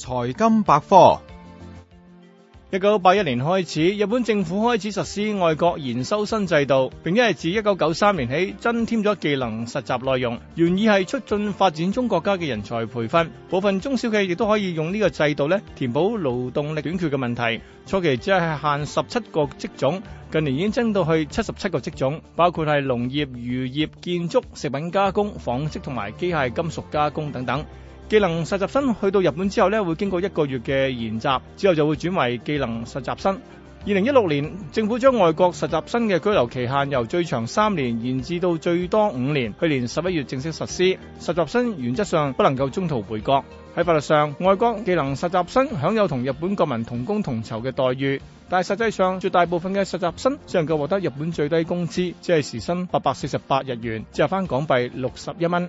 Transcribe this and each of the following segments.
財金百科：一九八一年開始，日本政府開始實施外國研修生制度，並且係自一九九三年起增添咗技能實習內容，原意係促進發展中國家嘅人才培訓。部分中小企亦都可以用呢個制度呢，填補勞動力短缺嘅問題。初期只係限十七個職種，近年已經增到去七十七個職種，包括係農業、漁業、建築、食品加工、紡織同埋機械金屬加工等等。技能實習生去到日本之後呢會經過一個月嘅研習，之後就會轉為技能實習生。二零一六年政府將外國實習生嘅居留期限由最長三年延至到最多五年，去年十一月正式實施。實習生原則上不能夠中途回國。喺法律上，外國技能實習生享有同日本國民同工同酬嘅待遇，但係實際上絕大部分嘅實習生只能夠獲得日本最低工資，即係時薪八百四十八日元，折合翻港幣六十一蚊。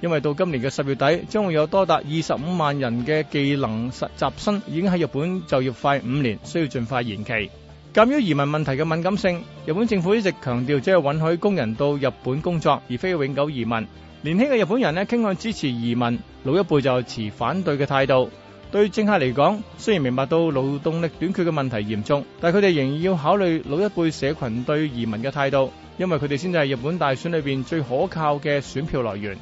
因為到今年嘅十月底，將會有多達二十五萬人嘅技能實習生已經喺日本就業快五年，需要盡快延期。鑑於移民問題嘅敏感性，日本政府一直強調只係允許工人到日本工作，而非永久移民。年輕嘅日本人呢，傾向支持移民，老一輩就持反對嘅態度。對政客嚟講，雖然明白到勞動力短缺嘅問題嚴重，但佢哋仍然要考慮老一輩社群對移民嘅態度，因為佢哋先至係日本大選裏邊最可靠嘅選票來源。